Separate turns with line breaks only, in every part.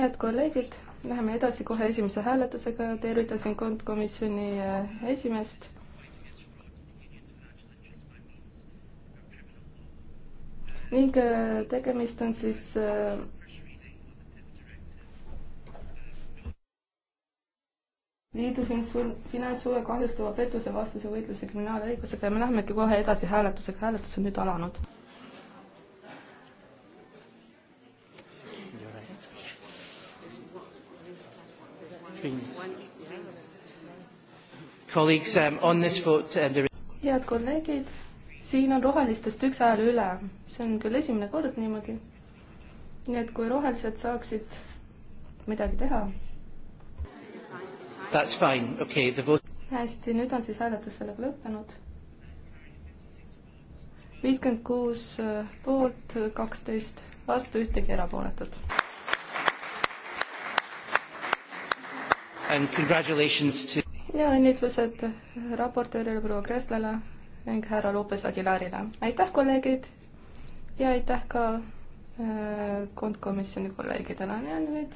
head kolleegid, läheme edasi kohe esimese hääletusega, tervitasin kontkomisjoni eh, esimeest. ning eh, tegemist on siis eh, liidu finantshuve kahjustava pettuse vastase võitluse kriminaalõigusega ja me lähemegi kohe edasi hääletusega, hääletus on nüüd alanud
Um, um,
head kolleegid, siin on rohelistest üks hääl üle, see on küll esimene kord niimoodi. nii et kui rohelised saaksid midagi teha. Okay, vote... hästi, nüüd on siis hääletus sellega lõppenud. viiskümmend kuus äh, poolt, kaksteist vastu, ühtegi erapooletut. And congratulations to ja õnnitlused raportöörile proua Kreslale ning härra Lopes Aguilarile. aitäh, kolleegid ja aitäh ka äh, kontkomisjoni kolleegidele. ja nüüd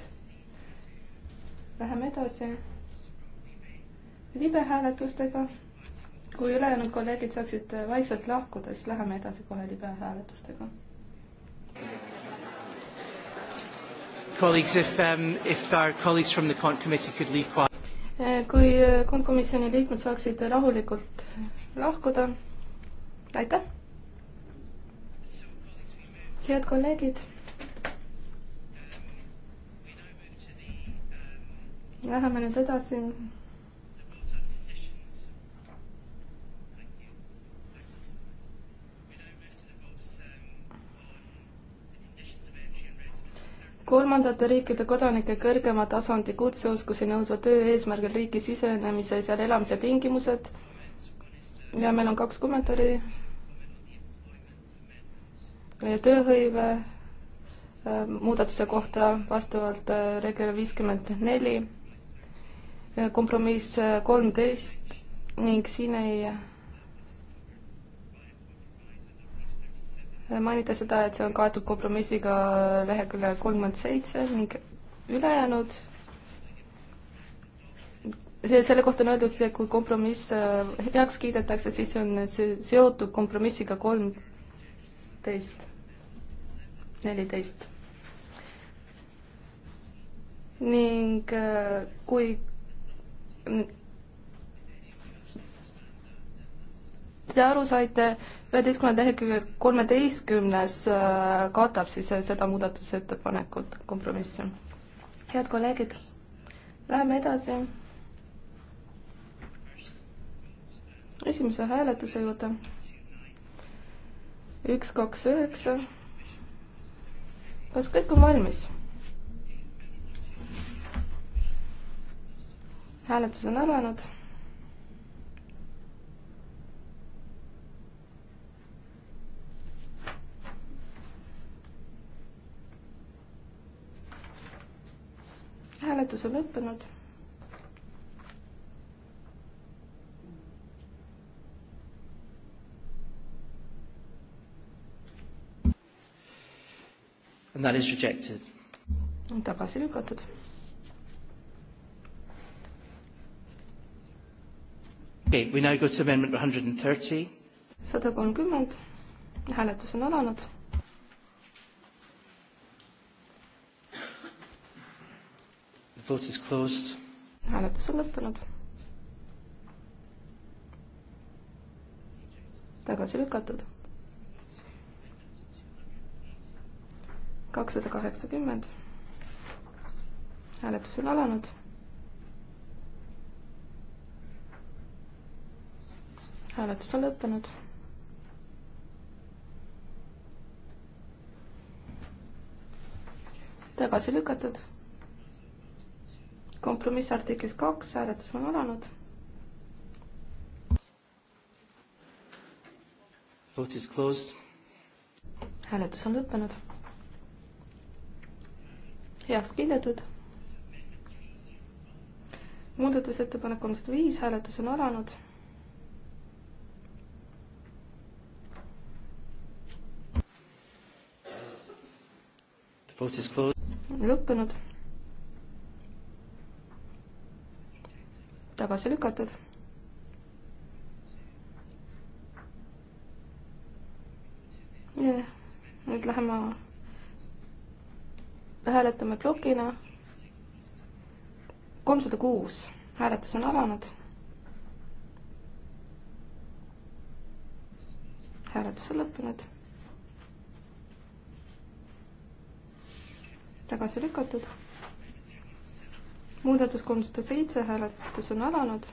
läheme edasi libehääletustega. kui ülejäänud kolleegid saaksid vaikselt lahkuda, siis läheme edasi kohe libehääletustega.
Colleagues,
if, um, if our colleagues from the Cont Committee could leave quietly.
Eh, kui kontkomisjoni eh, liikmed saaksid rahulikult lahkuda. aitäh. head kolleegid. Läheme nüüd edasi kolmandate riikide kodanike kõrgema tasandi kutseoskusi nõudva töö eesmärgil riiki sisenemise ja seal elamise tingimused. ja meil on kaks kommentaari. tööhõive äh, muudatuse kohta vastavalt äh, reeglile viiskümmend neli, kompromiss äh, kolmteist ning siin ei mainida seda, et see on kaetud kompromissiga leheküljel kolmkümmend seitse ning ülejäänud, see, selle kohta on öeldud, see, kui kompromiss äh, heaks kiidetakse, siis on see seotud kompromissiga kolmteist, neliteist. ning äh, kui seda aru saite, üheteistkümnenda lehekülje kolmeteistkümnes äh, katab siis seda muudatusettepanekut, kompromissi. head kolleegid, läheme edasi. esimese hääletuse juurde. üks, kaks, üheksa. kas kõik on valmis? hääletus on alanud hääletus on lõppenud.
And that is rejected.
on tagasi
lükatud.
Okay, we now go to amendment 130.
sada kolmkümmend, hääletus on alanud Vote is closed. hääletus on lõppenud. tagasi lükatud. kakssada kaheksakümmend. hääletus on alanud. hääletus on lõppenud tagasi lükatud kompromiss artiklis kaks, hääletus on alanud. hääletus on lõppenud. heaks kiidetud. muudatusettepanek kolmsada viis, hääletus on alanud lõppenud tagasi lükatud. nüüd läheme, hääletame plokina. kolmsada kuus, hääletus on alanud. hääletus on lõppenud tagasi lükatud muudatus kolmsada seitse, hääletus on alanud.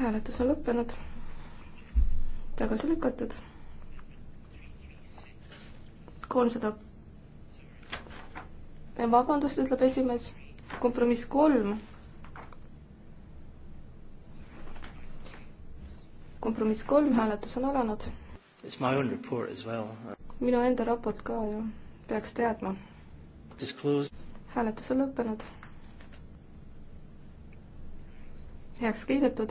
hääletus on lõppenud, tagasi lükatud. kolmsada, eh, vabandust, ütleb esimees, kompromiss kolm kompromiss kolm hääletus on alanud.
It's my own report as well.
minu enda raport ka ju, peaks teadma. hääletus on lõppenud. heaks kiidetud.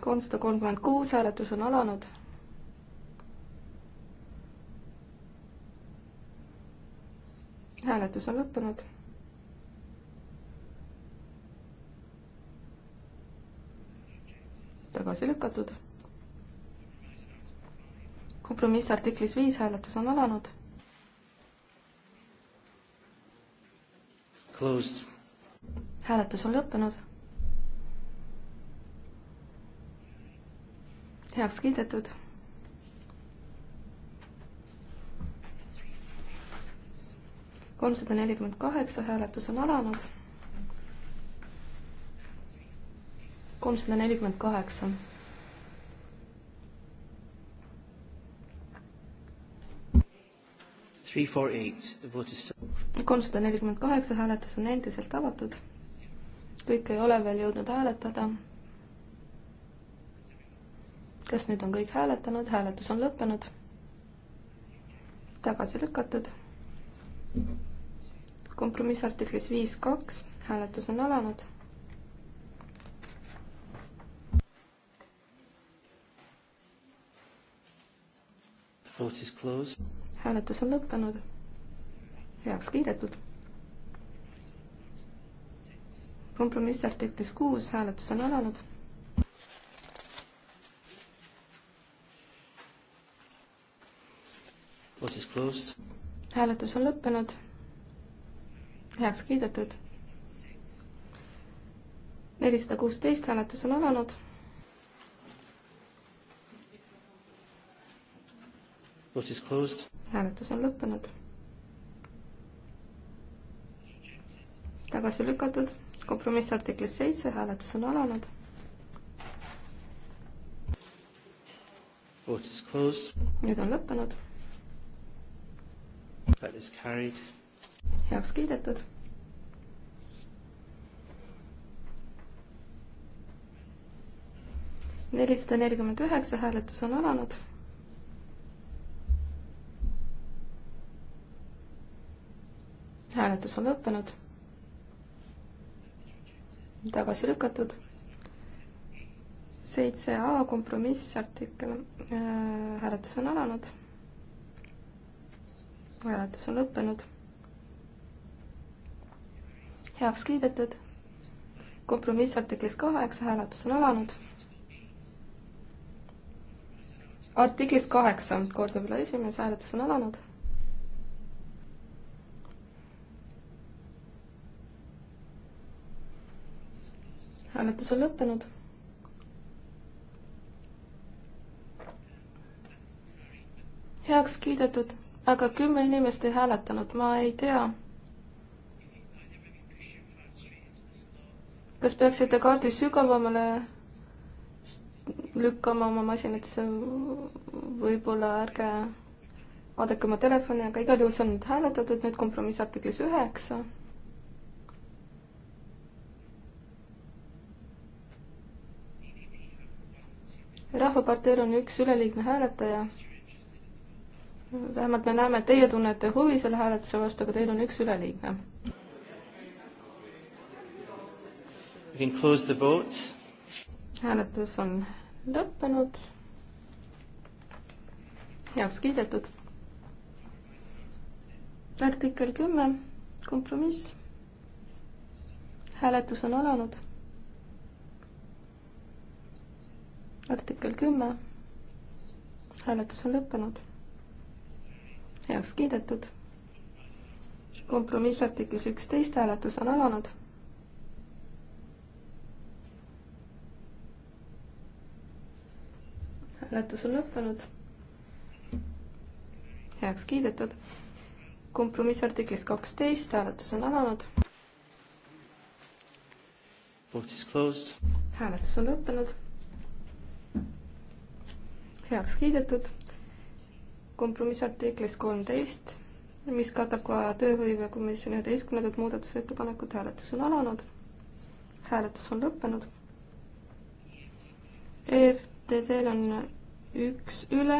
kolmsada kolmkümmend kuus hääletus on alanud hääletus on lõppenud. tagasi lükatud kompromiss artiklis viis hääletus on alanud. Closed. hääletus on lõppenud. heaks kiidetud. kolmsada nelikümmend kaheksa hääletus on alanud. kolmsada nelikümmend kaheksa kolmsada nelikümmend kaheksa hääletus on endiselt avatud. kõik ei ole veel jõudnud hääletada. kas nüüd on kõik hääletanud, hääletus on lõppenud? tagasi lükatud. kompromiss artiklis viis kaks, hääletus on alanud. Vote is closed hääletus on lõppenud, heaks kiidetud. kompromiss artiklis kuus, hääletus on alanud. hääletus on lõppenud, heaks kiidetud. nelisada kuusteist hääletus on alanud hääletus on lõppenud. tagasi lükatud, kompromiss artiklis seitse, hääletus on alanud.
nüüd on lõppenud.
heaks kiidetud. nelisada nelikümmend üheksa hääletus on alanud hääletus on lõppenud. tagasi lükatud. seitse A kompromissartikkel, äh, hääletus on alanud. hääletus on lõppenud. heaks kiidetud. kompromissartiklis kaheksa hääletus on alanud artiklis kaheksa, kordab üle esimese, hääletus on alanud. hääletus on lõppenud. heaks kiidetud, aga kümme inimest ei hääletanud, ma ei tea. kas peaksite kaardi sügavamale lükkama oma masinatesse, võib-olla ärge vaadake oma telefoni, aga igal juhul see on nüüd hääletatud, nüüd kompromiss artiklis üheksa rahvaparteil on üks üleliigne hääletaja. vähemalt me näeme, et teie tunnete huvi selle hääletuse vastu, aga teil on üks üleliigne. hääletus on lõppenud. heaks kiidetud. artikkel kümme, kompromiss. hääletus on alanud artikkel kümme. hääletus on lõppenud. heaks kiidetud. kompromissartiklis üksteist hääletus on alanud. hääletus on lõppenud. heaks kiidetud. kompromissartiklis kaksteist hääletus on alanud. hääletus on lõppenud heaks kiidetud. kompromissartiklis kolmteist, mis katab ka tööhõivekomisjoni üheteistkümnendat muudatusettepanekut, hääletus on alanud. hääletus on lõppenud. EFTD-l on üks üle.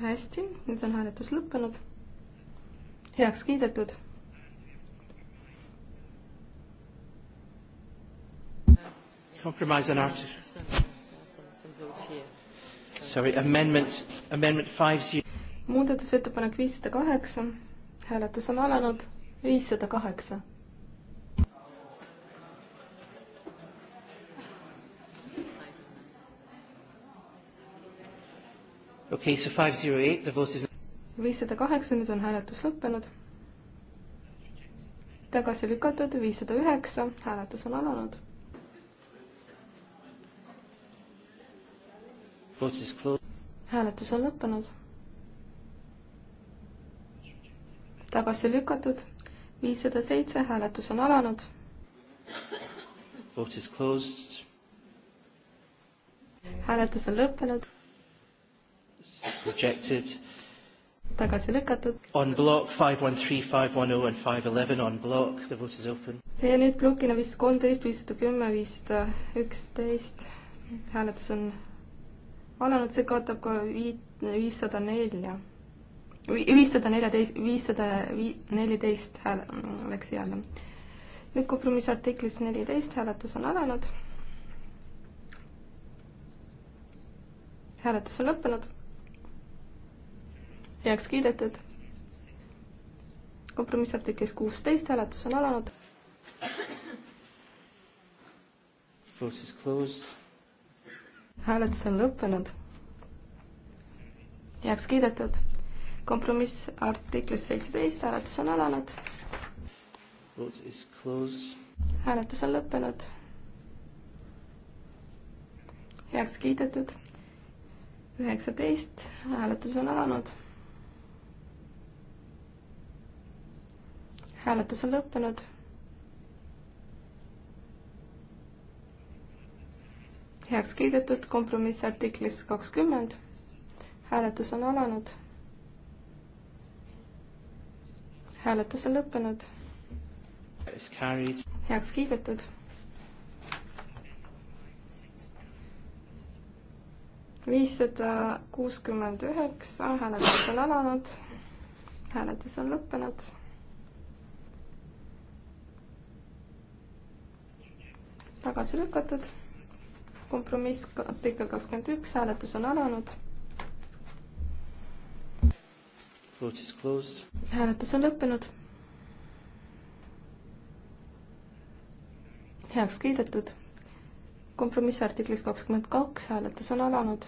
hästi, nüüd on hääletus lõppenud. heaks kiidetud
Compromise on article. Sorry, amendment, amendment five zero.
muudatusettepanek viissada kaheksa, hääletus on alanud, viissada kaheksa.
Okay, so five zero eight, the vote is.
viissada kaheksa, nüüd on hääletus lõppenud. tagasi lükatud, viissada üheksa, hääletus on alanud hääletus on lõppenud. tagasi lükatud, viissada seitse, hääletus on alanud. hääletus on lõppenud.
Rejected
tagasi lükatud.
On block five one three, five one oh and five eleven on block, the vote is open.
ja nüüd plokina viissada kolmteist, viissada kümme, viissada üksteist, hääletus on alanud, see katab ka viit, viissada nelja, viissada neljateist, viissada neliteist hääl-, mm, läks jälle. nüüd kompromissartiklis neliteist hääletus on alanud. hääletus on lõppenud. heaks kiidetud. kompromissartiklis kuusteist hääletus on alanud.
Vote is closed
hääletus on lõppenud. heaks kiidetud. kompromiss artiklis seitseteist, hääletus on alanud. hääletus on lõppenud. heaks kiidetud. üheksateist, hääletus on alanud. hääletus on lõppenud heaks kiidetud kompromiss artiklis kakskümmend. hääletus on alanud. hääletus on lõppenud. heaks kiidetud. viissada kuuskümmend üheksa, hääletus on alanud. hääletus on lõppenud. tagasi lükatud kompromiss artikkel kakskümmend üks, hääletus on alanud. hääletus on lõppenud. heaks kiidetud. kompromiss artiklis kakskümmend kaks, hääletus on alanud.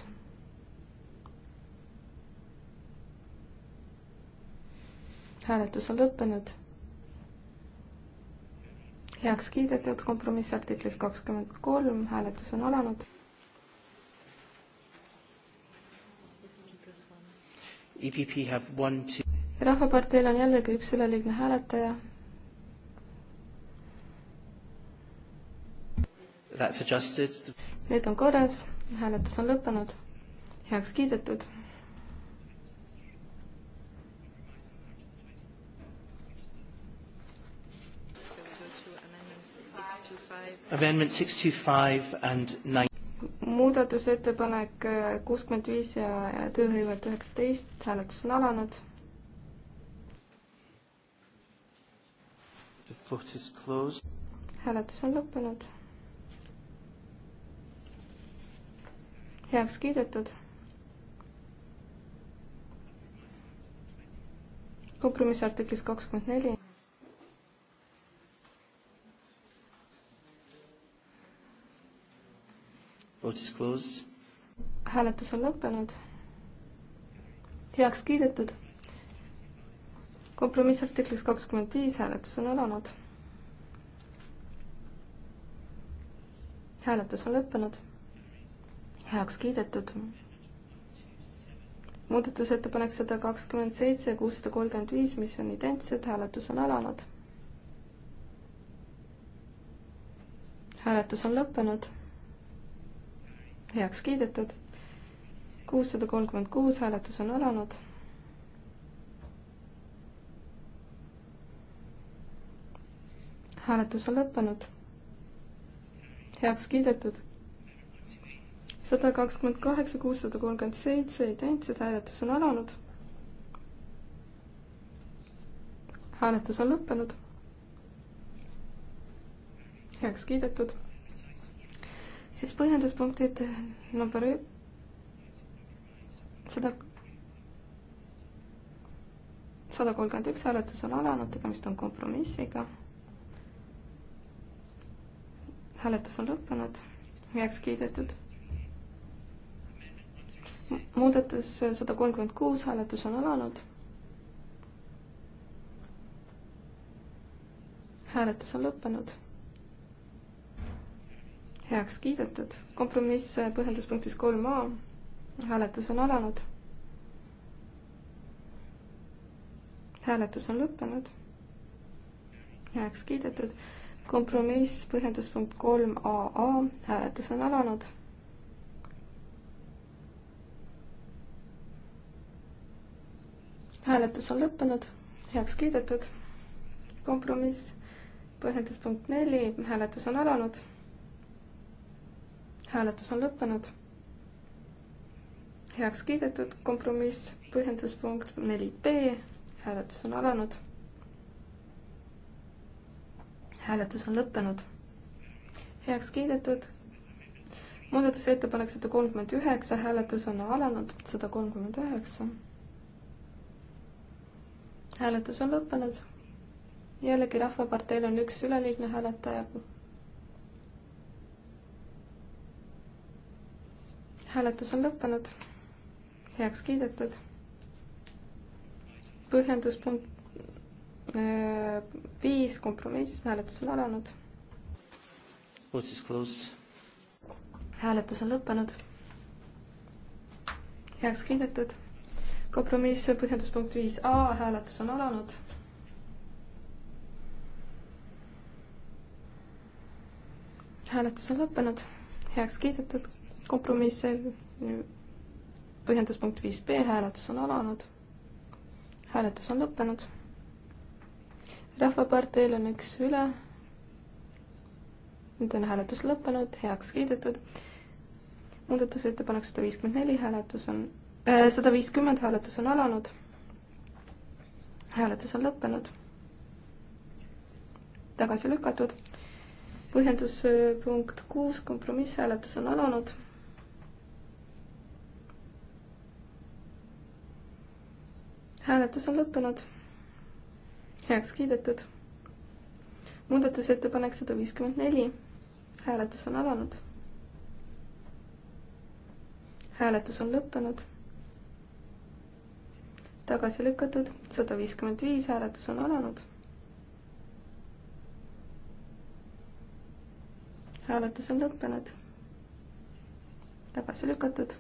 hääletus on lõppenud heaks kiidetud, kompromiss artiklis kakskümmend kolm, hääletus on alanud.
E
rahvaparteil on jällegi üks üleliigne hääletaja. Need on korras, hääletus on lõppenud, heaks kiidetud
Amendment
625 and 9
muudatusettepanek äh, kuuskümmend viis ja tööhõivet üheksateist, hääletus on alanud. hääletus on lõppenud. heaks kiidetud. kompromiss artiklis kakskümmend neli.
Vote is closed.
hääletus on lõppenud. heaks kiidetud. kompromiss artiklis kakskümmend viis, hääletus on alanud. hääletus on lõppenud. heaks kiidetud. muudatusettepanek sada kakskümmend seitse, kuussada kolmkümmend viis, mis on identsed, hääletus on alanud. hääletus on lõppenud heaks kiidetud. kuussada kolmkümmend kuus hääletus on alanud. hääletus on lõppenud. heaks kiidetud. sada kakskümmend kaheksa, kuussada kolmkümmend seitse identsed hääletus on alanud. hääletus on lõppenud. heaks kiidetud siis põhjenduspunktid number ük-, sada, sada kolmkümmend üks hääletus on alanud, tegemist on kompromissiga. hääletus on lõppenud, heaks kiidetud. muudatus sada kolmkümmend kuus, hääletus on alanud. hääletus on lõppenud heaks kiidetud. kompromiss põhjenduspunktis kolm A. hääletus on alanud. hääletus on lõppenud. heaks kiidetud. kompromiss põhjenduspunkt kolm AA, hääletus on alanud hääletus on lõppenud, heaks kiidetud. kompromiss, põhjenduspunkt neli, hääletus on alanud hääletus on lõppenud. heaks kiidetud kompromiss, põhjenduspunkt neli B, hääletus on alanud. hääletus on lõppenud. heaks kiidetud muudatusettepanek sada kolmkümmend üheksa, hääletus on alanud, sada kolmkümmend üheksa. hääletus on lõppenud. jällegi Rahvaparteil on üks üleliigne hääletaja hääletus on lõppenud, heaks kiidetud. põhjenduspunkt äh, viis, kompromiss, hääletus on alanud. hääletus on lõppenud, heaks kiidetud. kompromiss põhjenduspunkt viis A, hääletus on alanud hääletus on lõppenud, heaks kiidetud kompromiss, põhjenduspunkt viis B, hääletus on alanud. hääletus on lõppenud. rahvaparteil on üks üle. nüüd on hääletus lõppenud, heaks kiidetud. muudatusettepanek sada viiskümmend neli, hääletus on, äh, sada viiskümmend hääletus on alanud. hääletus on lõppenud. tagasi lükatud põhjendus punkt kuus, kompromisshääletus on alanud hääletus on lõppenud. heaks kiidetud. muudatusettepanek sada viiskümmend neli. hääletus on alanud. hääletus on lõppenud. tagasi lükatud, sada viiskümmend viis, hääletus on alanud. hääletus on lõppenud. tagasi lükatud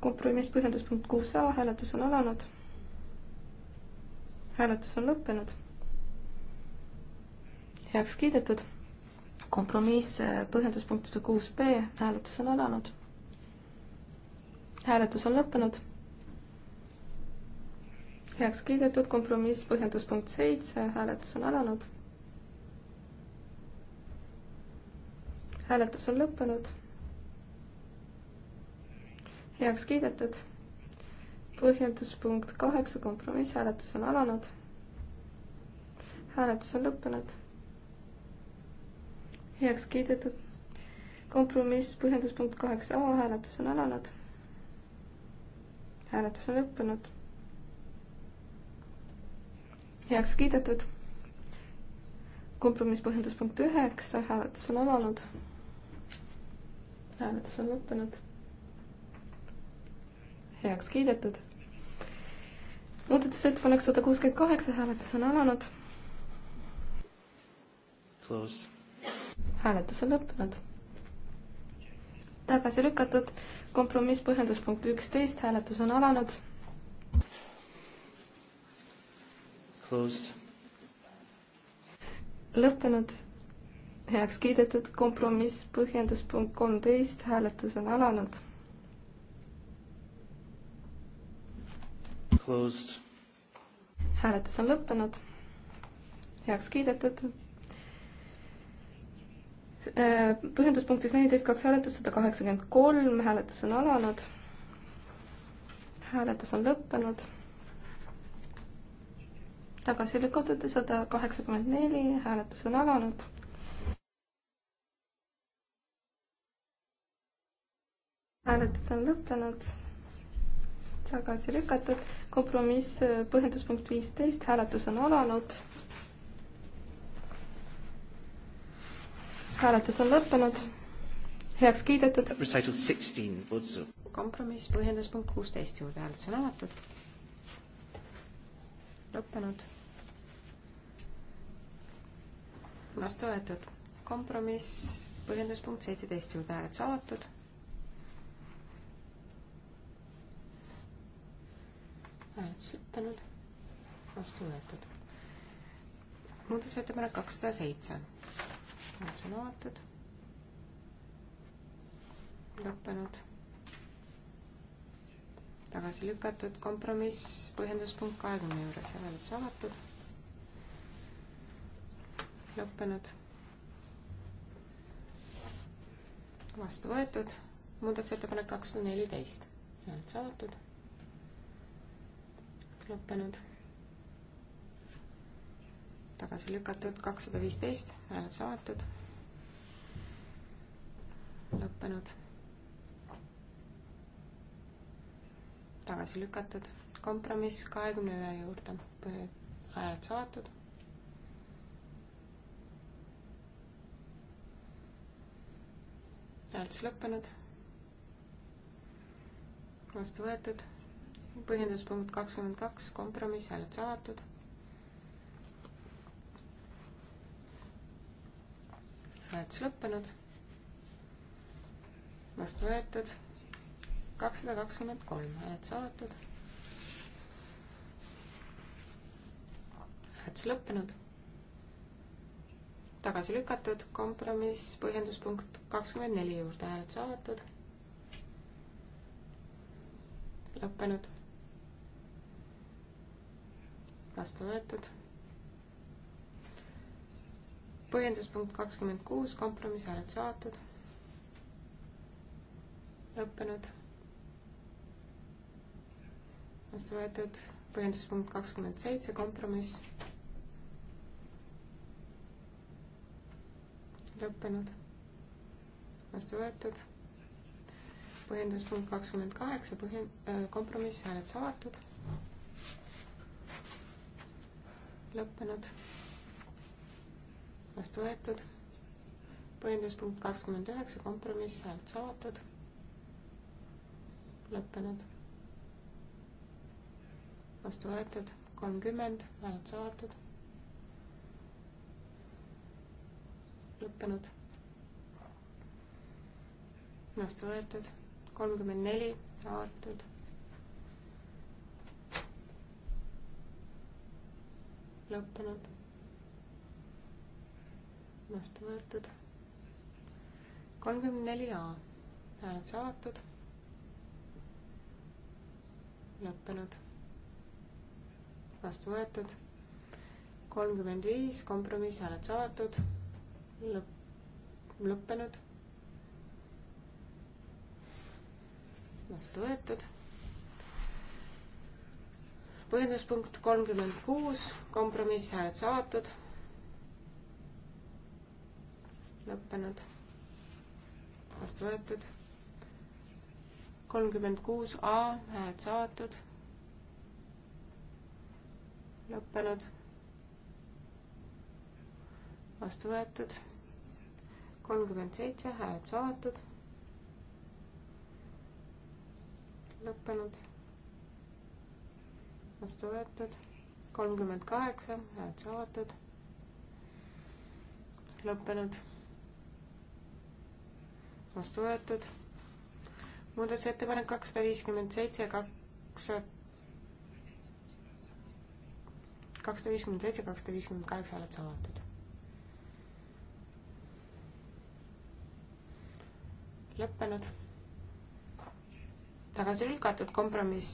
kompromiss põhjenduspunkt kuus A, hääletus on alanud. hääletus on lõppenud. heaks kiidetud. kompromiss äh, põhjenduspunkt kuus B, hääletus on alanud. hääletus on lõppenud. heaks kiidetud kompromiss põhjenduspunkt seitse, hääletus on alanud. hääletus on lõppenud heaks kiidetud. põhjenduspunkt kaheksa, kompromisshääletus on alanud. hääletus on lõppenud. heaks kiidetud. kompromiss, põhjenduspunkt kaheksa A, hääletus on alanud. hääletus on lõppenud. heaks kiidetud. kompromiss, põhjenduspunkt üheksa, hääletus on alanud. hääletus on lõppenud heaks kiidetud. muudatusettepanek sada kuuskümmend kaheksa, hääletus on alanud. hääletus on lõppenud. tagasi lükatud, kompromiss põhjendus punkt üksteist, hääletus on alanud. lõppenud, heaks kiidetud, kompromiss põhjendus punkt kolmteist, hääletus on alanud hääletus on lõppenud, heaks kiidetud. Äh, põhjenduspunktis neliteist kaks hääletust, sada kaheksakümmend kolm, hääletus on alanud. hääletus on lõppenud. tagasi lükatud sada kaheksakümmend neli, hääletus on alanud hääletus on lõppenud tagasi lükatud, kompromiss äh, põhjenduspunkt viisteist, hääletus on alanud.
hääletus on lõppenud, heaks kiidetud. kompromiss põhjenduspunkt kuusteist juurde, hääletus on avatud. lõppenud. vastu võetud, kompromiss põhjenduspunkt seitseteist juurde, hääletus avatud hääletus lõppenud, vastu võetud. muudatusettepanek kakssada seitse, hääletus on avatud, lõppenud, tagasi lükatud, kompromiss põhjenduspunkt kahekümne juures, hääletus avatud lõppenud. vastu võetud, muudatusettepanek kakssada neliteist, hääletus avatud lõppenud. tagasi lükatud kakssada viisteist, hääletus avatud. lõppenud. tagasi lükatud, kompromiss kahekümne ühe juurde, hääletus avatud. hääletus lõppenud. vastu võetud põhjenduspunkt kakskümmend kaks, kompromiss, hääletus avatud. hääletus lõppenud. vastu võetud. kakssada kakskümmend kolm, hääletus avatud. hääletus lõppenud. tagasi lükatud, kompromiss, põhjenduspunkt kakskümmend neli juurde, hääletus avatud lõppenud vastu võetud. põhjenduspunkt kakskümmend kuus, kompromisshääletus avatud. lõppenud. vastu võetud. põhjenduspunkt kakskümmend seitse, kompromiss. lõppenud. vastu võetud põhjenduspunkt kakskümmend kaheksa, põhjen-, äh, kompromiss, hääletus avatud lõppenud, vastu võetud. põhjenduspunkt kakskümmend üheksa, kompromiss, häält avatud, lõppenud, vastu võetud, kolmkümmend, häält avatud, lõppenud, vastu võetud, kolmkümmend neli, avatud lõppenud. vastu võetud. kolmkümmend neli A, hääletus avatud. lõppenud. vastu võetud. kolmkümmend viis, kompromiss, hääletus avatud. lõpp, lõppenud. vastu võetud põhjenduspunkt kolmkümmend kuus, kompromiss hääletus avatud. lõppenud. vastu võetud. kolmkümmend kuus A hääletus avatud. lõppenud. vastu võetud. kolmkümmend seitse hääletus avatud. lõppenud vastu võetud, kolmkümmend kaheksa, hääletus avatud, lõppenud, vastu võetud, muudatusettepanek kakssada viiskümmend seitse, kakssada kakssada viiskümmend seitse, kakssada viiskümmend kaheksa hääletus avatud. lõppenud. tagasi lükatud kompromiss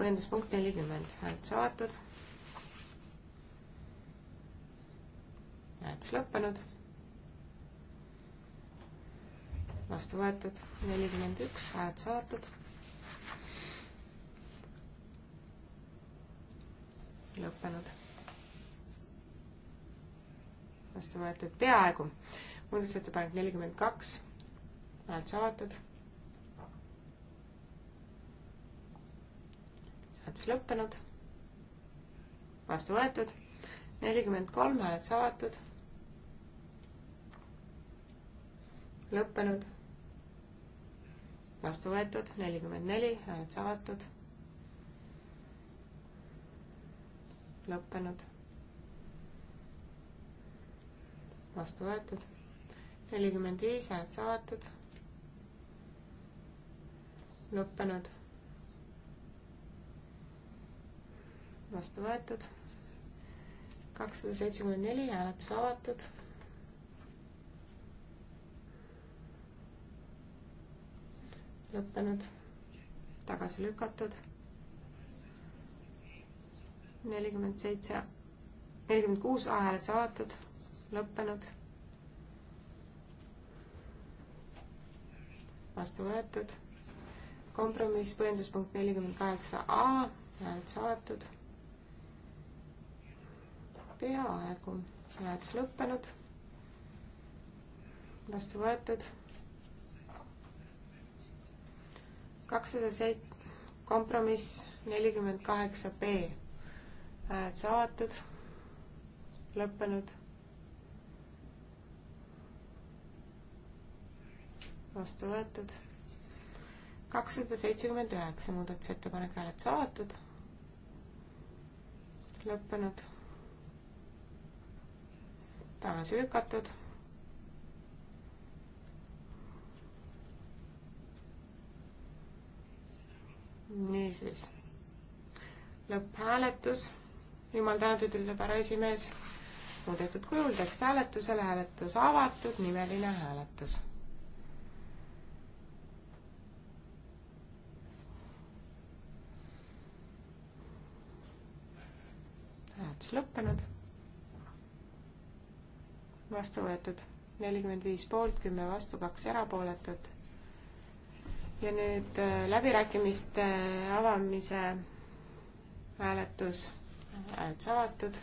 põhjenduspunkt nelikümmend, hääletus avatud. hääletus lõppenud. vastu võetud nelikümmend üks, hääletus avatud. lõppenud. vastu võetud peaaegu. muudatusettepanek nelikümmend kaks, hääletus avatud hääletus lõppenud. vastu võetud. nelikümmend kolm hääletus avatud. lõppenud. vastu võetud. nelikümmend neli hääletus avatud. lõppenud. vastu võetud. nelikümmend viis hääletus avatud lõppenud vastu võetud. kakssada seitsekümmend neli, hääletus avatud. lõppenud, tagasi lükatud. nelikümmend seitse, nelikümmend kuus, hääletus avatud, lõppenud. vastu võetud kompromiss, põhjenduspunkt nelikümmend kaheksa A, hääletus avatud peaaegu hääletus lõppenud. vastu võetud. kakssada seit-, kompromiss nelikümmend kaheksa B. hääletus avatud, lõppenud. vastu võetud. kakssada seitsekümmend üheksa muudatusettepanek hääletus avatud, lõppenud tagasi lükatud. niisiis, lõpphääletus, jumal tänatud, ütleb härra esimees, muudetud kujul tekst hääletusele, hääletus avatud, nimeline hääletus hääletus lõppenud vastu võetud nelikümmend viis poolt, kümme vastu, kaks erapooletut. ja nüüd äh, läbirääkimiste avamise hääletus, hääletus avatud.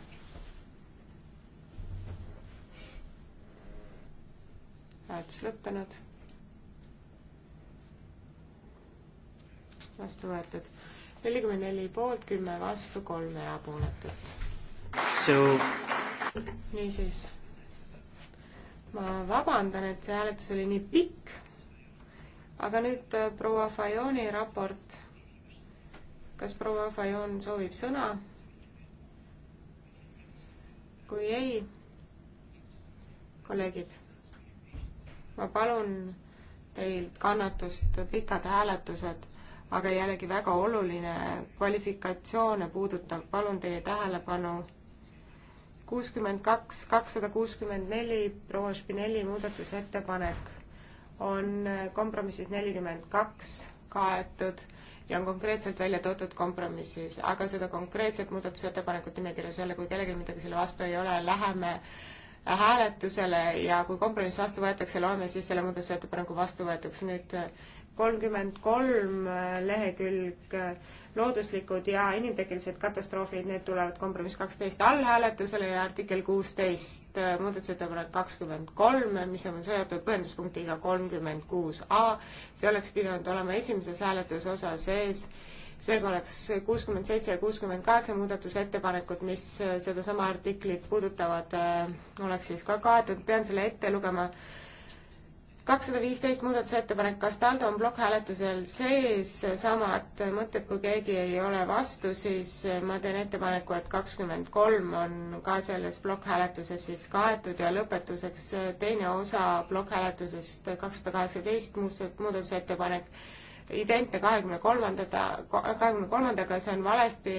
hääletus lõppenud. vastu võetud nelikümmend neli poolt, kümme vastu, kolm erapooletut. niisiis ma vabandan, et see hääletus oli nii pikk, aga nüüd äh, proua Fajoni raport. kas proua Fajon soovib sõna? kui ei, kolleegid, ma palun teilt kannatust, pikad hääletused, aga jällegi väga oluline kvalifikatsioone puudutav, palun teie tähelepanu kuuskümmend kaks, kakssada kuuskümmend neli, proua Spinelli muudatusettepanek on äh, kompromissis nelikümmend kaks kaetud ja on konkreetselt välja toodud kompromissis, aga seda konkreetset muudatusettepanekut nimekirjas ei ole, kui kellelgi midagi selle vastu ei ole, läheme hääletusele ja kui kompromiss vastu võetakse, loeme siis selle muudatusettepaneku vastuvõetuks. nüüd äh, kolmkümmend kolm äh, lehekülg äh, looduslikud ja inimtekkelised katastroofid, need tulevad kompromiss kaksteist allhääletusele ja artikkel kuusteist äh, muudatusettepanek kakskümmend kolm, mis on seotud põhjenduspunktiga kolmkümmend kuus A. see oleks pidanud olema esimeses hääletuse osa sees seega oleks kuuskümmend seitse ja kuuskümmend kaheksa muudatusettepanekut, mis sedasama artiklit puudutavad, oleks siis ka kaetud, pean selle ette lugema kakssada viisteist muudatusettepanek, kas Taldo on plokkhääletusel sees, samad mõtted, kui keegi ei ole vastu, siis ma teen ettepaneku, et kakskümmend kolm on ka selles plokkhääletuses siis kaetud ja lõpetuseks teine osa plokkhääletusest kakssada kaheksateist muudatusettepanek, identne kahekümne kolmandada, kahekümne kolmandaga, see on valesti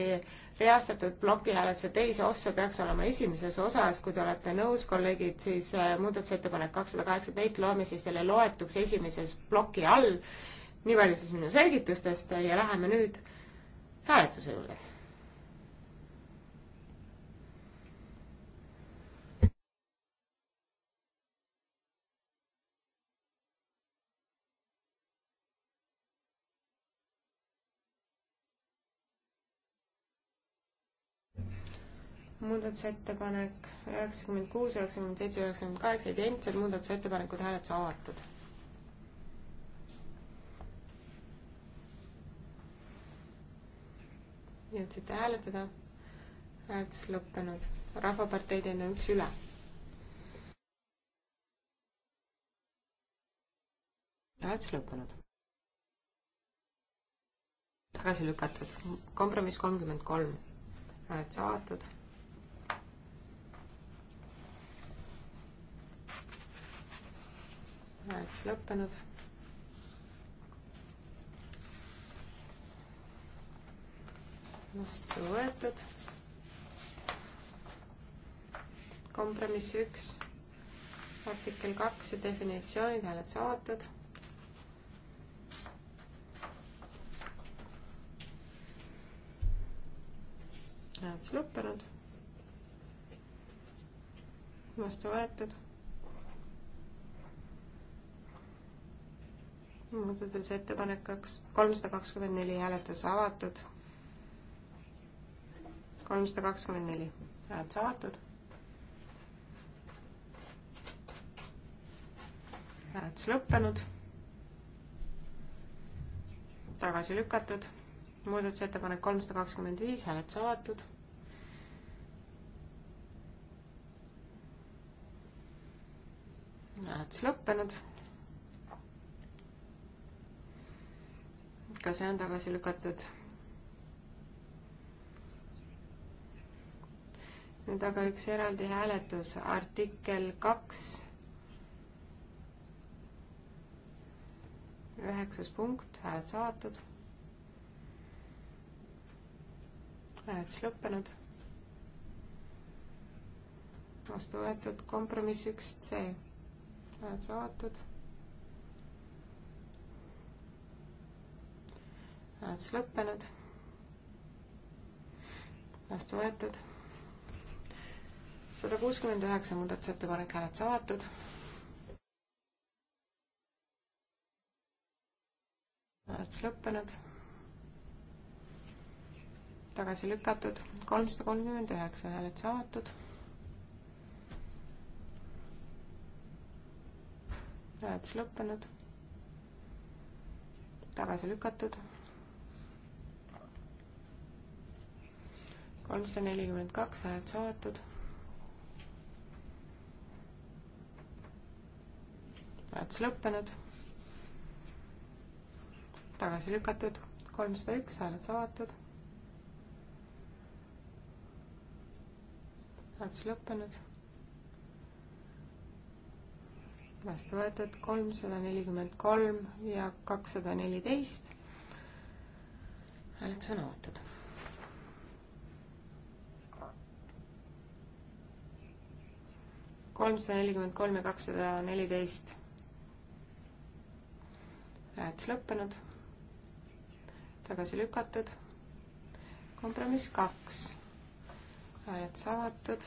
reastatud plokihääletuse teise ossa peaks olema esimeses osas, kui te olete nõus, kolleegid, siis äh, muudatusettepanek kakssada kaheksateist loeme siis selle loetuks esimeses ploki all. nii palju siis minu selgitustest ja läheme nüüd hääletuse juurde muudatusettepanek üheksakümmend kuus, üheksakümmend seitse, üheksakümmend kaheksa, identsed muudatusettepanekud, hääletus avatud. jõudsite hääletada, hääletus lõppenud, Rahvapartei teine üks üle. hääletus lõppenud. tagasi lükatud, kompromiss kolmkümmend kolm, hääletus avatud hääletus lõppenud. vastu võetud. kompromiss üks, artikkel kaks ja definitsioonid, hääletus avatud hääletus lõppenud. vastu võetud muudatusettepanek kaks, kolmsada kakskümmend neli hääletus avatud. kolmsada kakskümmend neli hääletus avatud. hääletus lõppenud. tagasi lükatud. muudatusettepanek kolmsada kakskümmend viis hääletus avatud hääletus lõppenud, ka see on tagasi lükatud. nüüd aga üks eraldi hääletus, artikkel kaks, üheksas punkt, hääled saadud. hääletus lõppenud. vastu võetud kompromiss üks C, hääled saadud hääletus lõppenud. vastu võetud. sada kuuskümmend üheksa muudatusettepanek hääletus avatud. hääletus lõppenud. tagasi lükatud, kolmsada kolmkümmend üheksa hääletus avatud hääletus lõppenud, tagasi lükatud kolmsada nelikümmend kaks häält saadetud. hääletus lõppenud. tagasi lükatud, kolmsada üks häält saadetud. hääletus lõppenud. vastu võetud kolmsada nelikümmend kolm ja kakssada neliteist. hääletus on oodatud kolmsada nelikümmend kolm ja kakssada neliteist. hääletus lõppenud. tagasi lükatud. kompromiss kaks. hääletus avatud.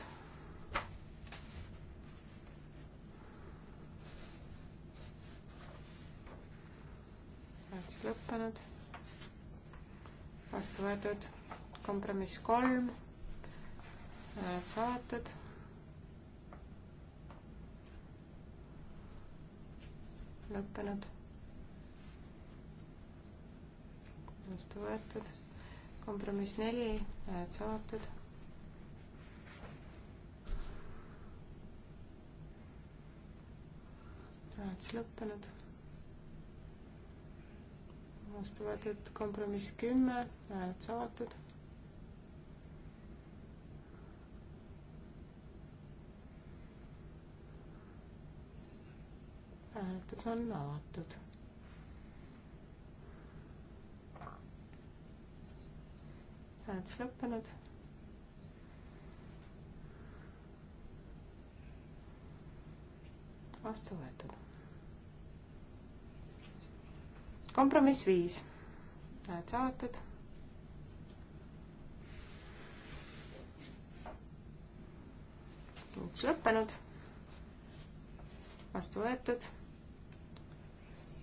hääletus lõppenud. vastu võetud. kompromiss kolm. hääletus avatud lõppenud. vastu võetud. kompromiss neli, hääled saadetud. hääletus lõppenud. vastu võetud kompromiss kümme, hääled saadetud hääletus on avatud. hääletus lõppenud. vastu võetud. kompromiss viis, hääletus avatud muutus lõppenud, vastu võetud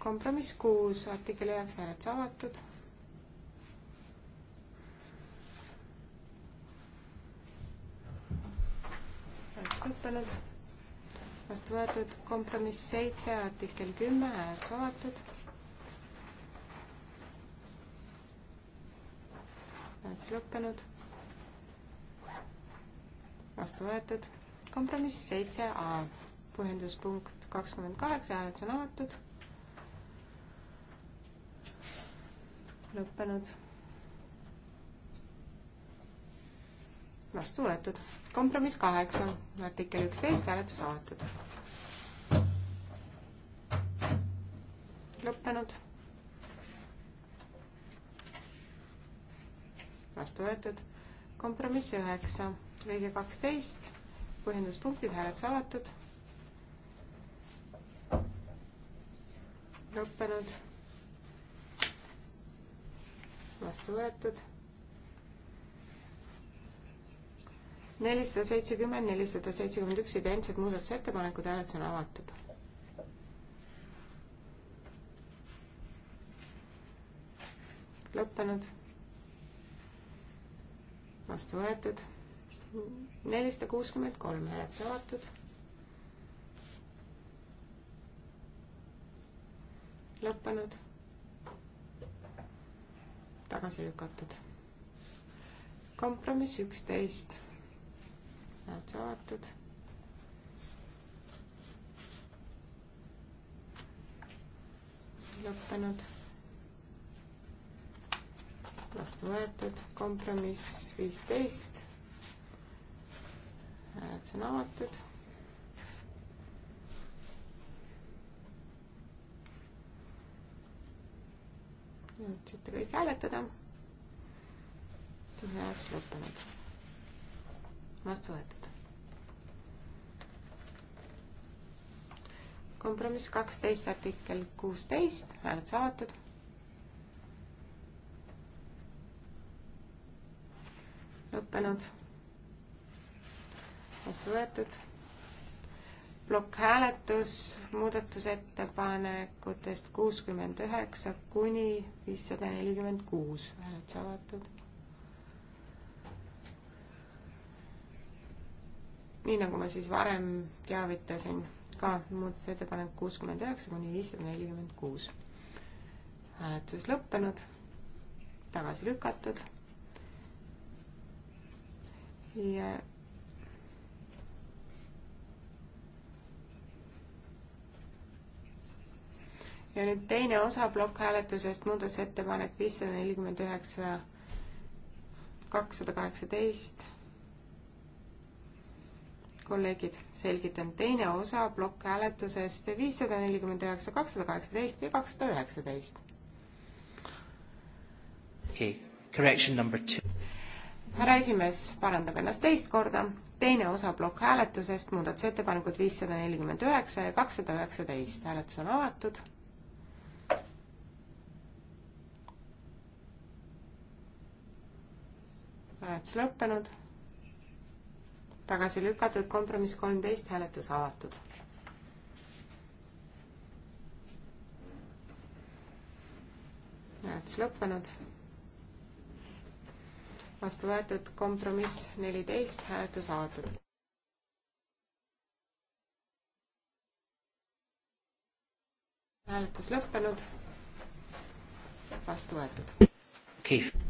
kompromiss kuus, artikkel üheksa hääletus avatud. hääletus lõppenud. vastu võetud kompromiss seitse, artikkel kümme hääletus avatud. hääletus lõppenud. vastu võetud kompromiss seitse A, põhjenduspunkt kakskümmend kaheksa, hääletus on avatud lõppenud. vastu võetud. kompromiss kaheksa, artikkel üksteist, hääletus avatud. lõppenud. vastu võetud. kompromiss üheksa, lõige kaksteist, põhjenduspunktid, hääletus avatud. lõppenud vastu võetud. nelisada seitsekümmend, nelisada seitsekümmend üks identsed muudatusettepanekud, hääletus on avatud. lõppenud. vastu võetud. nelisada kuuskümmend kolm hääletus avatud lõppenud tagasi lükatud. kompromiss üksteist. näed, see avatud. lõppenud. vastu võetud, kompromiss viisteist. hääletus on avatud nüüd saate kõik hääletada. hääletus lõppenud. vastu võetud. kompromiss kaksteist, artikkel kuusteist, hääletus avatud. lõppenud. vastu võetud plokkhääletus muudatusettepanekutest kuuskümmend üheksa kuni viissada nelikümmend kuus hääletus avatud. nii nagu ma siis varem teavitasin, ka muudatusettepanek kuuskümmend üheksa kuni viissada nelikümmend kuus. hääletus lõppenud, tagasi lükatud ja ja nüüd teine osa plokkhääletusest, muudatusettepanek viissada nelikümmend üheksa, kakssada kaheksateist. kolleegid, selgitan, teine osa plokkhääletusest viissada nelikümmend üheksa, kakssada kaheksateist ja kakssada üheksateist. okei okay., correction number two. härra esimees parandab ennast teist korda, teine osa plokkhääletusest, muudatusettepanekud viissada nelikümmend üheksa ja kakssada üheksateist, hääletus on avatud hääletus lõppenud. tagasi lükatud kompromiss kolmteist, hääletus avatud. hääletus lõppenud. vastu võetud kompromiss neliteist, hääletus avatud. hääletus lõppenud. vastu võetud. okei okay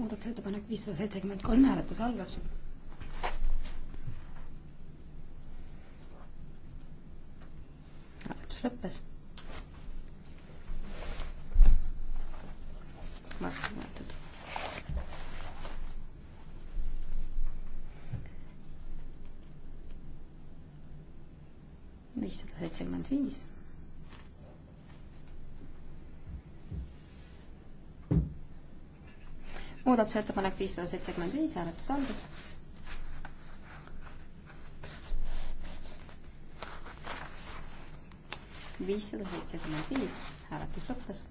muudatusettepanek viissada seitsekümmend kolm, hääletus algas. hääletus lõppes. vastu võetud. viissada seitsekümmend viis muudatusettepanek viissada seitsekümmend viis, hääletus algas. viissada seitsekümmend viis, hääletus lõppes.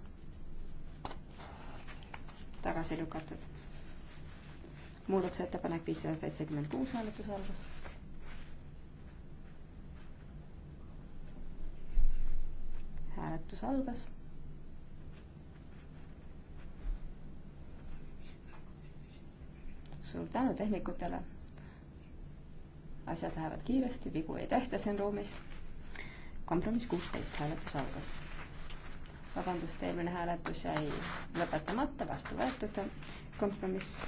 tagasi lükatud. muudatusettepanek viissada seitsekümmend kuus, hääletus algas hääletus algas suur tänu tehnikutele. asjad lähevad kiiresti, vigu ei tehta siin ruumis. kompromiss kuusteist, hääletus algas. vabandust, eelmine hääletus jäi lõpetamata, vastu võetud. kompromiss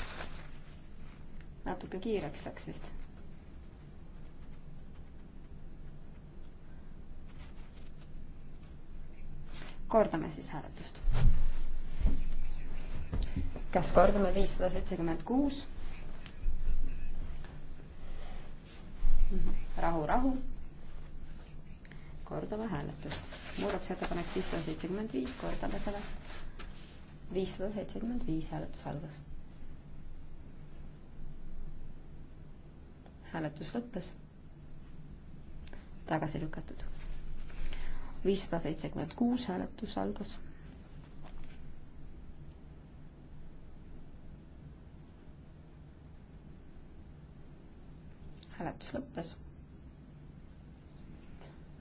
natuke kiireks läks vist kordame siis hääletust. kas kordame viissada seitsekümmend kuus? rahu, rahu. kordame hääletust. muudatusettepanek viissada seitsekümmend viis, kordame selle. viissada seitsekümmend viis hääletus algas. hääletus lõppes. tagasi lükatud. viissada seitsekümmend kuus hääletus algas hääletus lõppes.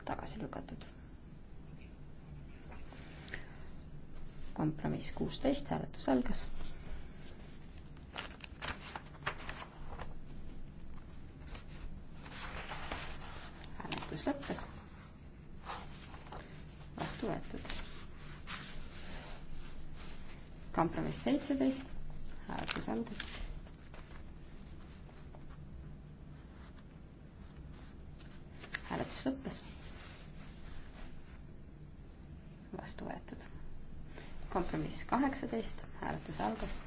tagasi lükatud. kompromiss kuusteist, hääletus algas. hääletus lõppes. vastu võetud. kompromiss seitseteist, hääletus algas hääletus lõppes. vastu võetud. kompromiss kaheksateist, hääletus algas.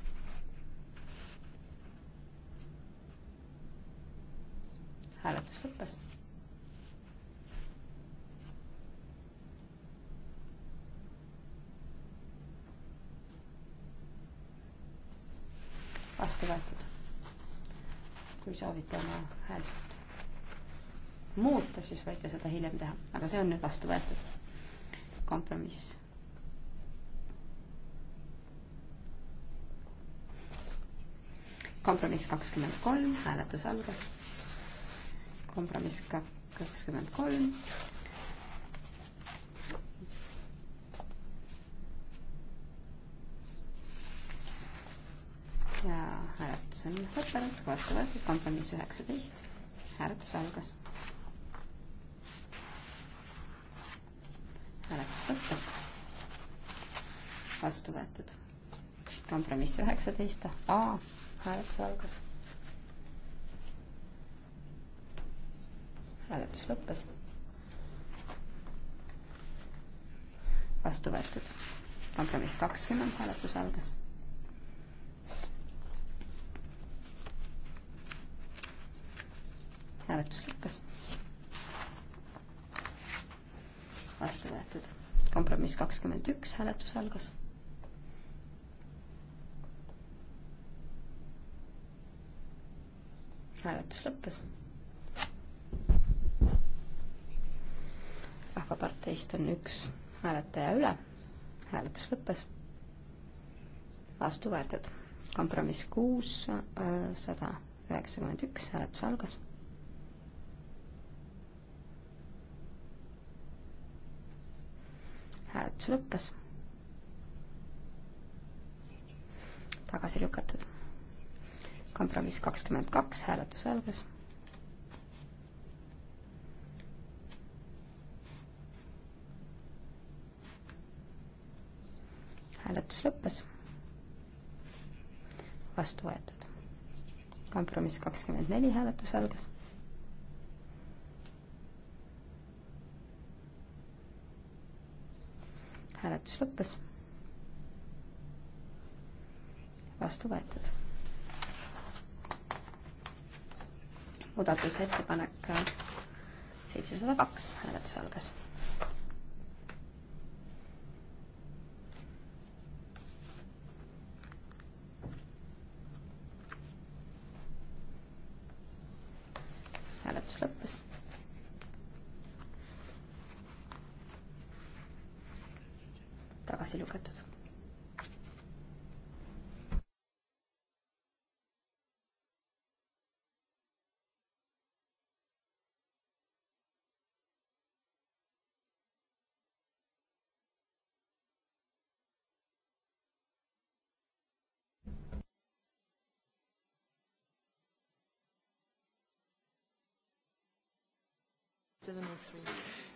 hääletus lõppes. vastu võetud. kui soovite oma häält muuta, siis võite seda hiljem teha, aga see on nüüd vastu võetud kompromiss. kompromiss kakskümmend kolm, hääletus algas. kompromiss kakskümmend kolm. ja hääletus on lõppenud, vastu võetud kompromiss üheksateist, hääletus algas hääletus lõppes. vastu võetud. kompromiss üheksateist A, hääletus algas. hääletus lõppes. vastu võetud. kompromiss kakskümmend, hääletus algas hääletus lõppes vastu võetud. kompromiss kakskümmend üks, hääletus algas. hääletus lõppes. rahvaparteist on üks hääletaja üle, hääletus lõppes. vastu võetud. kompromiss kuus, äh, sada üheksakümmend üks, hääletus algas hääletus lõppes. tagasi lükatud. kompromiss kakskümmend kaks, hääletus algas. hääletus lõppes. vastu võetud. kompromiss kakskümmend neli, hääletus algas. hääletus lõppes. vastu võetud. muudatusettepanek seitsesada kaks, hääletus algas Oh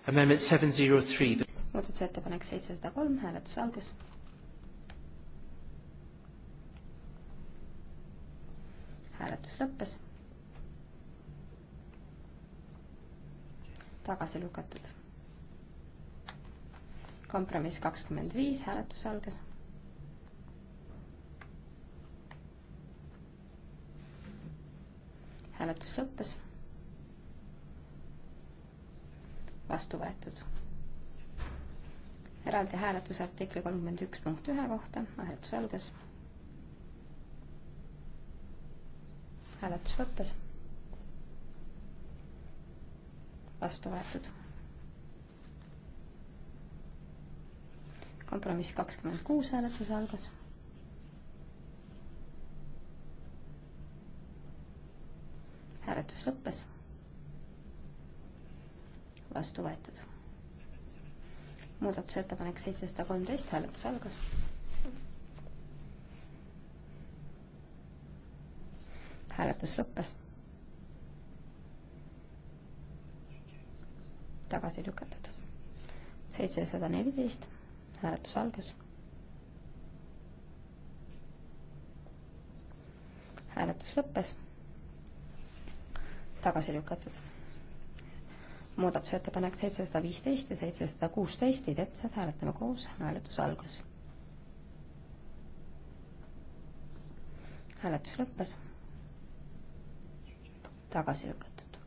Amendment seven zero oh three. muudatusettepanek seitsesada kolm, hääletuse algus. hääletus lõppes. tagasi lükatud. kompromiss kakskümmend viis, hääletus algas. hääletus lõppes vastu võetud. eraldi hääletus artikli kolmkümmend üks punkt ühe kohta, hääletus algas. hääletus lõppes. vastu võetud. kompromiss kakskümmend kuus hääletus algas hääletus lõppes vastu võetud. muudatusettepanek seitsesada kolmteist, hääletus algas. hääletus lõppes. tagasi lükatud. seitsesada neliteist, hääletus algas. hääletus lõppes. tagasi lükatud muudatusettepanek seitsesada viisteist ja seitsesada kuusteist, identsed, hääletame koos, hääletus algas. hääletus lõppes. tagasi lükatud.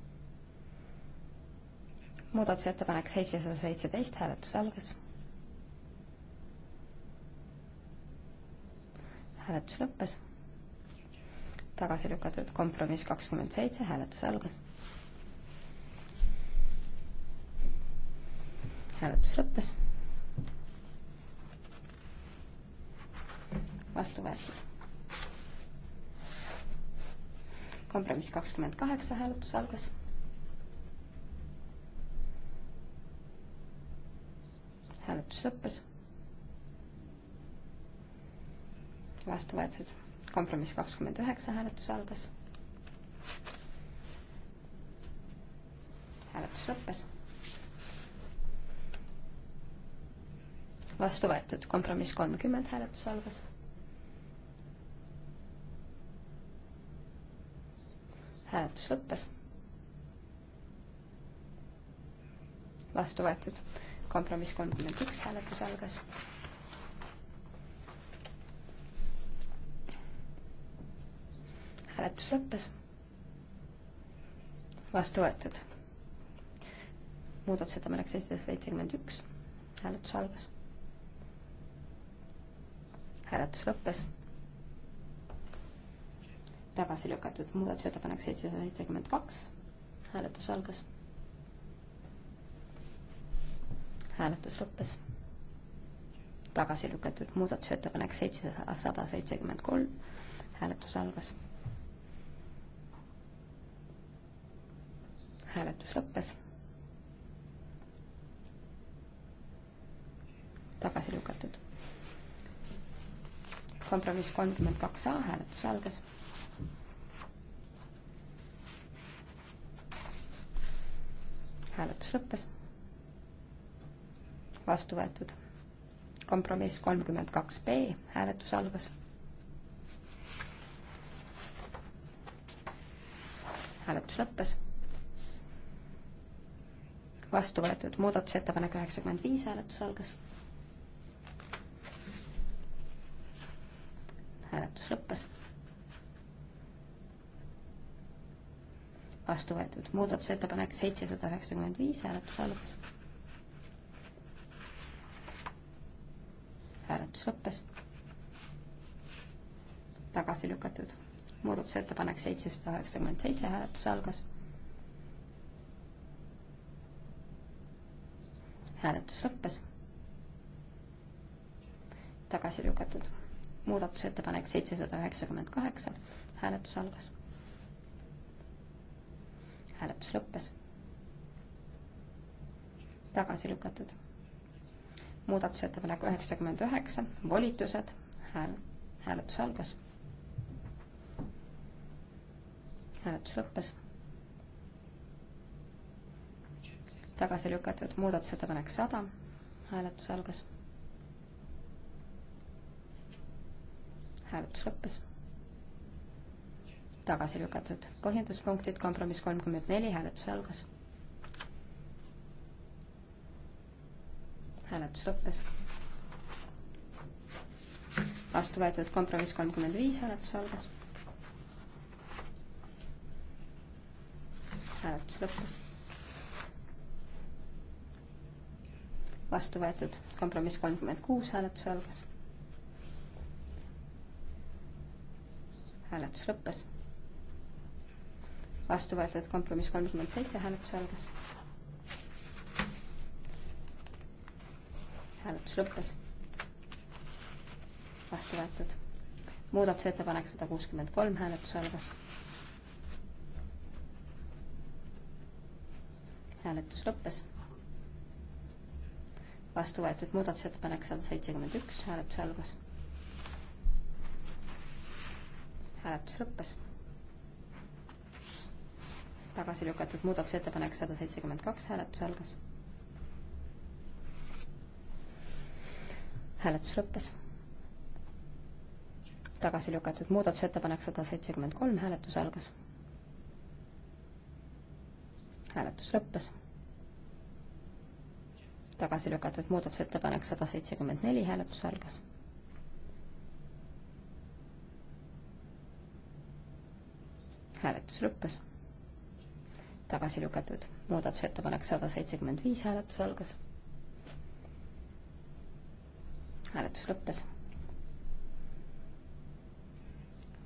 muudatusettepanek seitsesada seitseteist, hääletus algas. hääletus lõppes. tagasi lükatud kompromiss kakskümmend seitse, hääletus algas hääletus lõppes. vastu võetud. kompromiss kakskümmend kaheksa, hääletus algas. hääletus lõppes. vastu võetud. kompromiss kakskümmend üheksa, hääletus algas. hääletus lõppes vastu võetud. kompromiss kolmkümmend, hääletus algas. hääletus lõppes. vastu võetud. kompromiss kolmkümmend üks, hääletus algas. hääletus lõppes. vastu võetud muudatusettepanek seitsesada seitsekümmend üks, hääletus algas hääletus lõppes. tagasi lükatud muudatusettepanek seitsesada seitsekümmend kaks, hääletus algas. hääletus lõppes. tagasi lükatud muudatusettepanek seitsesada seitsekümmend kolm, hääletus algas. hääletus lõppes tagasi lükatud kompromiss kolmkümmend kaks A, hääletus algas. hääletus lõppes. vastu võetud. kompromiss kolmkümmend kaks B, hääletus algas. hääletus lõppes. vastu võetud muudatusettepanek üheksakümmend viis, hääletus algas hääletus lõppes. vastu võetud muudatusettepanek seitsesada üheksakümmend viis, hääletus algas. hääletus lõppes. tagasi lükatud muudatusettepanek seitsesada üheksakümmend seitse, hääletus algas. hääletus lõppes. tagasi lükatud muudatusettepanek seitsesada üheksakümmend kaheksa, hääletus algas. hääletus lõppes. tagasi lükatud. muudatusettepanek üheksakümmend üheksa, volitused, hääl, hääletus algas. hääletus lõppes. tagasi lükatud muudatusettepanek sada, hääletus algas hääletus lõppes. tagasi lükatud. põhjenduspunktid, kompromiss kolmkümmend neli, hääletus algas. hääletus lõppes. vastu võetud kompromiss kolmkümmend viis, hääletus algas. hääletus lõppes. vastu võetud kompromiss kolmkümmend kuus, hääletus algas hääletus lõppes. vastu võetud kompromiss kolmkümmend seitse, hääletus algas. hääletus lõppes. vastu võetud. muudatusettepanek sada kuuskümmend kolm, hääletus algas. hääletus lõppes. vastu võetud muudatusettepanek sada seitsekümmend üks, hääletus algas hääletus lõppes. tagasi lükatud muudatusettepanek sada seitsekümmend kaks, hääletus algas. hääletus lõppes. tagasi lükatud muudatusettepanek sada seitsekümmend kolm, hääletus algas. hääletus lõppes. tagasi lükatud muudatusettepanek sada seitsekümmend neli, hääletus algas hääletus lõppes. tagasi lükatud. muudatusettepanek sada seitsekümmend viis, hääletus algas. hääletus lõppes.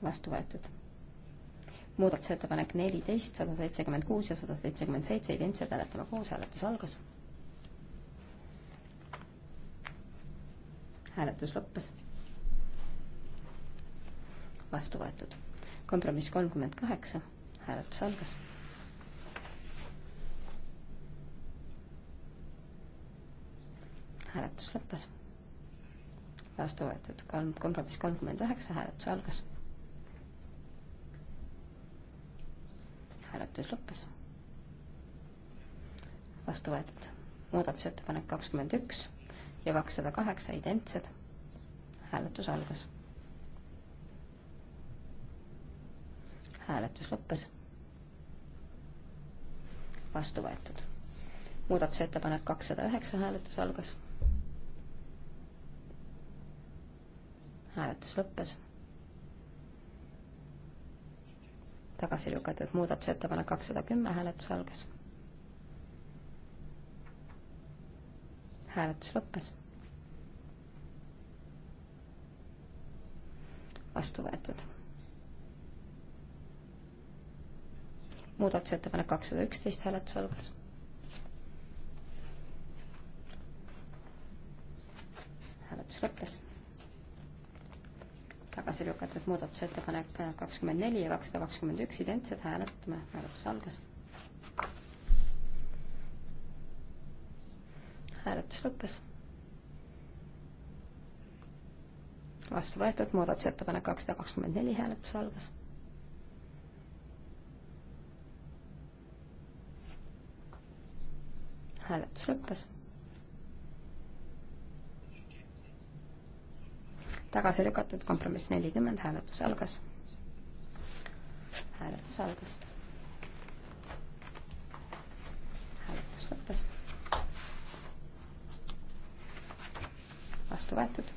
vastu võetud. muudatusettepanek neliteist, sada seitsekümmend kuus ja sada seitsekümmend seitse, identsed hääletame koos, hääletus algas. hääletus lõppes. vastu võetud kompromiss kolmkümmend kaheksa, hääletus algas. hääletus lõppes. vastu võetud kolm, kompromiss kolmkümmend üheksa, hääletus algas. hääletus lõppes. vastu võetud muudatusettepanek kakskümmend üks ja kakssada kaheksa identsed. hääletus algas hääletus lõppes. vastu võetud. muudatusettepanek kakssada üheksa, hääletus algas. hääletus lõppes. tagasi lükatud muudatusettepanek kakssada kümme, hääletus algas. hääletus lõppes. vastu võetud muudatusettepanek kakssada üksteist hääletus algas. hääletus lõppes. tagasi lükatud muudatusettepanek kakskümmend neli ja kakssada kakskümmend üks identsed, hääletame, hääletus algas. hääletus lõppes. vastu võetud muudatusettepanek kakssada kakskümmend neli hääletus algas hääletus lõppes. tagasi lükatud kompromiss nelikümmend, hääletus algas. hääletus algas. hääletus lõppes. vastu võetud.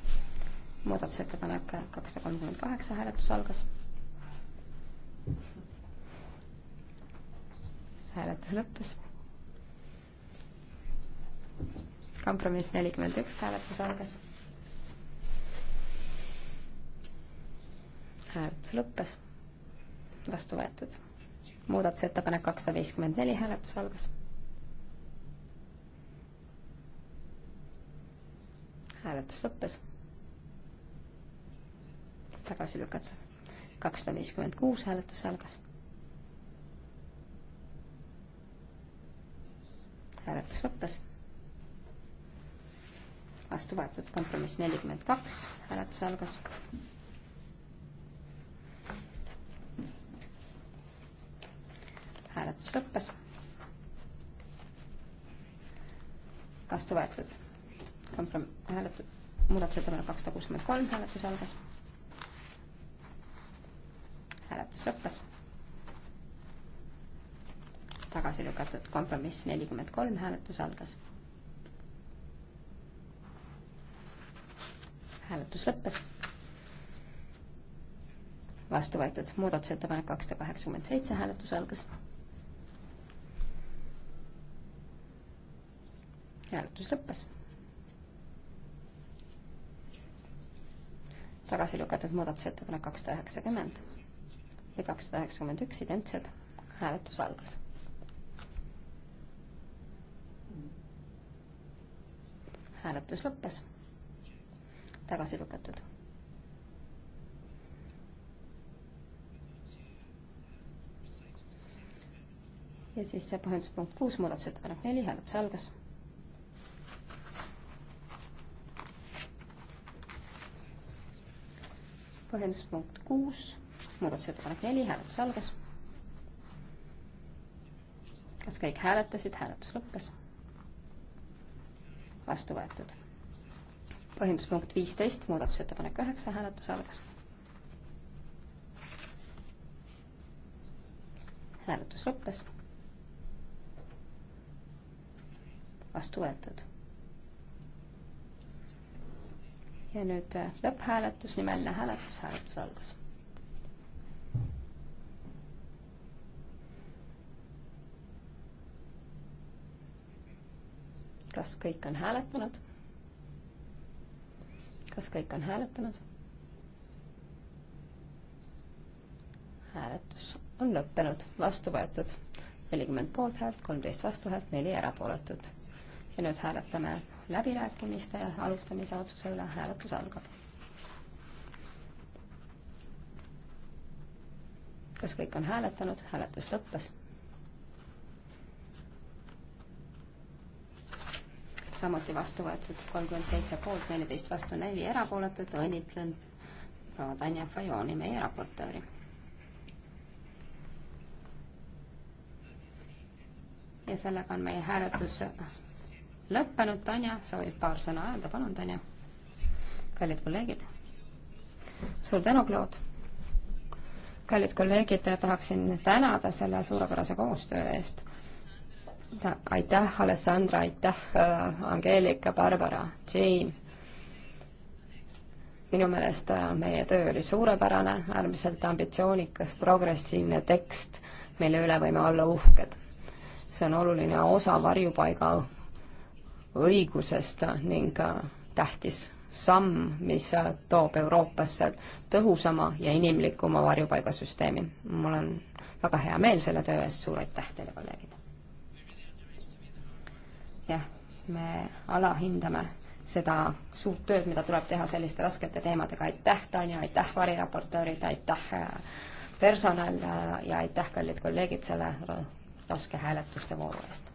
muudatusettepanek kakssada kolmkümmend kaheksa, hääletus algas. hääletus lõppes kompromiss nelikümmend üks, hääletus algas. hääletus lõppes, vastu võetud. muudatusettepanek kakssada viiskümmend neli, hääletus algas. hääletus lõppes. tagasi lükatud. kakssada viiskümmend kuus, hääletus algas hääletus lõppes vastu võetud. kompromiss nelikümmend kaks, hääletus algas. hääletus lõppes. vastu võetud. komprom-, hääletus, muudatusettepanek kakssada kuuskümmend kolm, hääletus algas. hääletus lõppes. tagasi lükatud kompromiss nelikümmend kolm, hääletus algas hääletus lõppes. vastu võetud muudatusettepanek kakssada kaheksakümmend seitse, hääletus algas. hääletus lõppes. tagasi lükatud muudatusettepanek kakssada üheksakümmend ja kakssada üheksakümmend üks identsed, hääletus algas hääletus lõppes tagasi lükatud. ja siis see põhjenduspunkt kuus, muudatusettepanek neli, hääletus algas. põhjenduspunkt kuus, muudatusettepanek neli, hääletus algas. kas kõik hääletasid, hääletus lõppes? vastu võetud põhjenduspunkt viisteist, muudatusettepanek üheksa, hääletus algas. hääletus lõppes. vastu võetud. ja nüüd äh, lõpphääletus, nimeline hääletus, hääletus algas. kas kõik on hääletanud? kas kõik on hääletanud? hääletus on lõppenud, vastu võetud nelikümmend poolthäält, kolmteist vastuhäält, neli erapooletut. ja nüüd hääletame läbirääkimiste alustamise otsuse üle, hääletus algab. kas kõik on hääletanud, hääletus lõppes samuti vastu võetud kolmkümmend seitse poolt, neliteist vastu neli erapooletut, õnnitlen proua Tanja Fajoni, meie raportööri. ja sellega on meie hääletus lõppenud, Tanja soovib paar sõna öelda, palun Tanja. kallid kolleegid, suur tänu, Claude kallid kolleegid, tahaksin tänada selle suurepärase koostöö eest aitäh, Alessandra, aitäh, äh, Angeelika, Barbara, Jean. minu meelest äh, meie töö oli suurepärane, äärmiselt ambitsioonikas, progressiivne tekst, mille üle võime olla uhked. see on oluline osa varjupaiga õigusest ning äh, tähtis samm, mis toob Euroopasse tõhusama ja inimlikuma varjupaigasüsteemi. mul on väga hea meel selle töö eest, suur aitäh teile, kolleegid! jah, me alahindame seda suurt tööd, mida tuleb teha selliste raskete teemadega. aitäh, Tanja, aitäh, variraportöörid, aitäh äh, personal äh, ja aitäh, kallid kolleegid, selle raske hääletuste vooru eest!